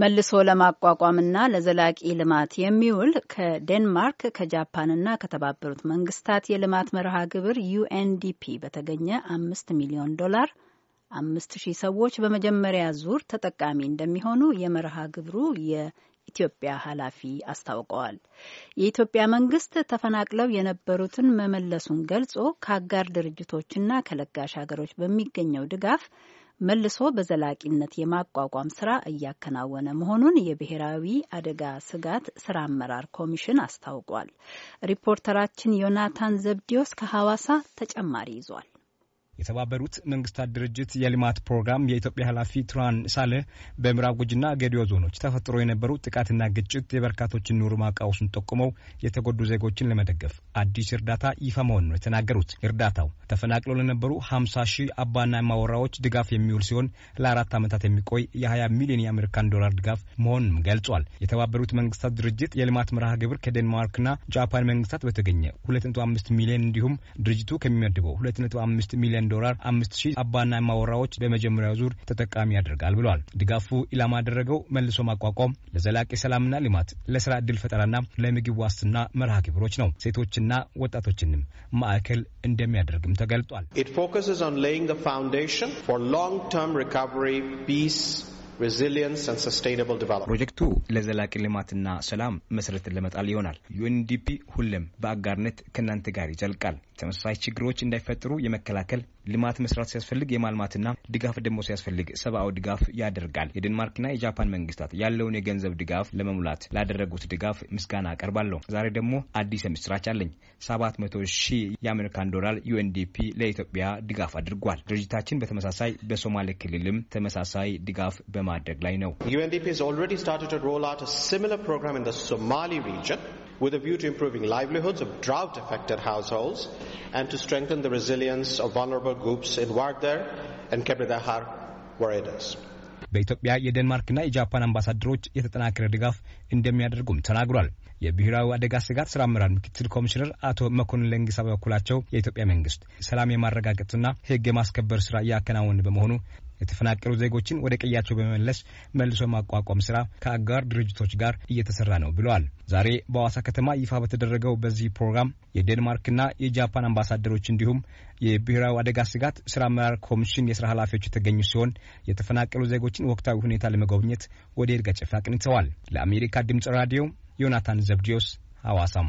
መልሶ ለማቋቋምና ለዘላቂ ልማት የሚውል ከዴንማርክ ከጃፓንና ከተባበሩት መንግስታት የልማት መርሃ ግብር ዩኤንዲፒ በተገኘ አምስት ሚሊዮን ዶላር አምስት ሺህ ሰዎች በመጀመሪያ ዙር ተጠቃሚ እንደሚሆኑ የመርሃ ግብሩ የኢትዮጵያ ኃላፊ አስታውቀዋል። የኢትዮጵያ መንግስት ተፈናቅለው የነበሩትን መመለሱን ገልጾ ከአጋር ድርጅቶችና ከለጋሽ ሀገሮች በሚገኘው ድጋፍ መልሶ በዘላቂነት የማቋቋም ስራ እያከናወነ መሆኑን የብሔራዊ አደጋ ስጋት ስራ አመራር ኮሚሽን አስታውቋል። ሪፖርተራችን ዮናታን ዘብዲዮስ ከሐዋሳ ተጨማሪ ይዟል። የተባበሩት መንግስታት ድርጅት የልማት ፕሮግራም የኢትዮጵያ ኃላፊ ቱራን ሳለ በምዕራብ ጉጅና ገዲዮ ዞኖች ተፈጥሮ የነበሩ ጥቃትና ግጭት የበርካቶችን ኑሮ ማቃወሱን ጠቁመው የተጎዱ ዜጎችን ለመደገፍ አዲስ እርዳታ ይፋ መሆን ነው የተናገሩት። እርዳታው ተፈናቅለው ለነበሩ 50 ሺህ አባና ማወራዎች ድጋፍ የሚውል ሲሆን ለአራት ዓመታት የሚቆይ የ20 ሚሊዮን የአሜሪካን ዶላር ድጋፍ መሆኑም ገልጿል። የተባበሩት መንግስታት ድርጅት የልማት መርሃ ግብር ከዴንማርክና ጃፓን መንግስታት በተገኘ 2.5 ሚሊዮን እንዲሁም ድርጅቱ ከሚመድበው 2.5 ሚሊዮን ሚሊዮን ዶላር አምስት ሺህ አባና ማወራዎች በመጀመሪያው ዙር ተጠቃሚ ያደርጋል ብለዋል። ድጋፉ ኢላማ ያደረገው መልሶ ማቋቋም ለዘላቂ ሰላምና ልማት፣ ለስራ ዕድል ፈጠራና ለምግብ ዋስትና መርሃ ግብሮች ነው። ሴቶችና ወጣቶችንም ማዕከል እንደሚያደርግም ተገልጧል። ፕሮጀክቱ ለዘላቂ ልማትና ሰላም መሰረትን ለመጣል ይሆናል። ዩኤንዲፒ ሁሌም በአጋርነት ከእናንተ ጋር ይዘልቃል። ተመሳሳይ ችግሮች እንዳይፈጥሩ የመከላከል ልማት መስራት ሲያስፈልግ የማልማትና ድጋፍ ደግሞ ሲያስፈልግ ሰብአዊ ድጋፍ ያደርጋል። የዴንማርክና የጃፓን መንግስታት ያለውን የገንዘብ ድጋፍ ለመሙላት ላደረጉት ድጋፍ ምስጋና አቀርባለሁ። ዛሬ ደግሞ አዲስ የምስራች አለኝ። 700 ሺህ የአሜሪካን ዶላር ዩኤንዲፒ ለኢትዮጵያ ድጋፍ አድርጓል። ድርጅታችን በተመሳሳይ በሶማሌ ክልልም ተመሳሳይ ድጋፍ በማድረግ ላይ ነው። UNDP has already started to roll out with a view to improving livelihoods of drought affected households and to strengthen the resilience of vulnerable groups in ዋርደር and ከብረዳሃር ወረዳስ በኢትዮጵያ የዴንማርክና የጃፓን አምባሳደሮች የተጠናከረ ድጋፍ እንደሚያደርጉም ተናግሯል። የብሔራዊ አደጋ ስጋት ስራ አመራር ምክትል ኮሚሽነር አቶ መኮንን ለንግሳ በበኩላቸው የኢትዮጵያ መንግስት ሰላም የማረጋገጥና ህግ የማስከበር ስራ እያከናወን በመሆኑ የተፈናቀሉ ዜጎችን ወደ ቀያቸው በመመለስ መልሶ ማቋቋም ስራ ከአጋር ድርጅቶች ጋር እየተሰራ ነው ብለዋል። ዛሬ በሐዋሳ ከተማ ይፋ በተደረገው በዚህ ፕሮግራም የዴንማርክና የጃፓን አምባሳደሮች እንዲሁም የብሔራዊ አደጋ ስጋት ስራ አመራር ኮሚሽን የስራ ኃላፊዎች የተገኙ ሲሆን የተፈናቀሉ ዜጎችን ወቅታዊ ሁኔታ ለመጎብኘት ወደ ይርጋ አቅንተዋል። ለአሜሪካ ድምጽ ራዲዮ ዮናታን ዘብዲዮስ ሐዋሳም